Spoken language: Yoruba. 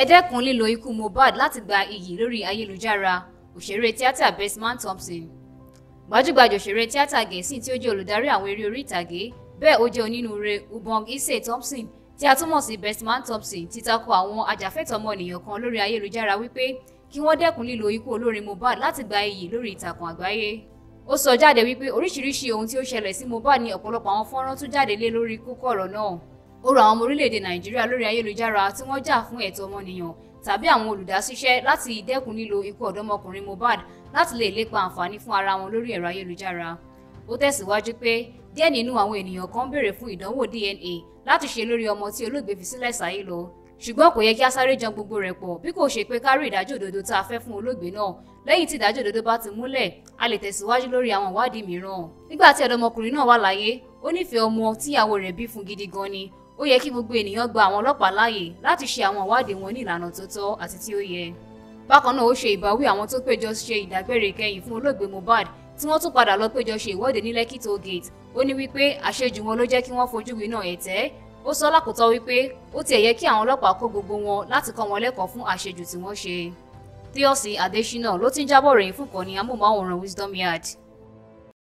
ẹ dẹ́kun lílo ikú Mohbad láti gba iyì lórí ayélujára òṣèré tíátà Bestman Thompson gbajúgbajà òṣèré tíátà gẹ̀ẹ́sì tí ó jẹ́ olùdarí àwọn eré orí ìtàgé bẹ́ẹ̀ ó jẹ́ onínúure Ubong Ise Thompson tí a túmọ̀ sí Bestman Thompson ti tako àwọn ajàfẹ́tọ̀ọ́ ọmọnìyàn kan lórí ayélujára wípé kí wọ́n dẹ́kun lílo ikú olórin Mohbad láti gba iyì lórí ìtàkùn àgbáyé ó sọ jáde wípé oríṣiríṣi ohun tí ó ṣẹlẹ̀ sí Mohbad ní ọ̀pọ̀lọpọ̀ àwọn fọ́nrán tó jáde lé lórí kókó ọ̀rọ̀ náà ó rọ àwọn ọmọ orílẹ̀-èdè nàìjíríà lórí ayélujára tí wọ́n jà fún ẹ̀tọ́ ọmọnìyàn tàbí àwọn olùdásíṣẹ́ láti dẹ́kun lílo ikú ọ̀dọ́mọkùnrin Mohbad láti lè lépa àǹfààní fún ara wọn lórí ẹ̀rọ ayélujára ó tẹ̀síwájú pé díẹ̀ nínú àwọn ènìyàn kan béèrè fún ìdánwò DNA láti ṣe lórí ọmọ tí olóògbé fi sílẹ̀ sáyé lọ ṣùgbọ́n kò yẹ kí a sáré jan gbogbo rẹ̀ pọ̀ bí kò ṣe pé ká rí ìdájọ́ òdodo tá a fẹ́ fún olóògbé náà lẹ́yìn tí ìdájọ́ òdodo bá ti múlẹ̀ a lè tẹ̀síwájú lórí àwọn ìwádìí mìíràn nígbà tí ọ̀dọ́mọkùnrin náà wà láyé ó nífẹ̀ẹ́ ọmọ tíyàwó rẹ̀ bí fún gidi gan ni ó yẹ kí gbogbo ènìyàn gba àwọn ọlọ́pàá láàyè láti ṣe àwọn ìwádìí wọn ní ìlànà tó tọ́ àti tí ó yẹ bákan náà ó ṣe ìbáwí àwọn tó péjọ ṣe ìdágbére kẹ́yìn fún olóògbé Mohbad tí wọ́n tún padà lọ péjọ ṣe ìwọ́de ní Lekki toll gate ó ní wípé àṣejù wọn ló jẹ́ kí wọ́n fojú winá ẹ̀tẹ́ ó sọ lákòótọ́ wípé ó tiẹ̀ yẹ kí àwọn ọlọ́pàá kó gbogbo wọn láti kọ́ wọn lẹ́kọ̀ọ́ fún àṣejù tí wọ́n ṣe. Tíọ́sì Adésínà ló ti ń jábọ̀ ròyìn fún kọ́ni amóhùnmáwòrán Wisdom Yard.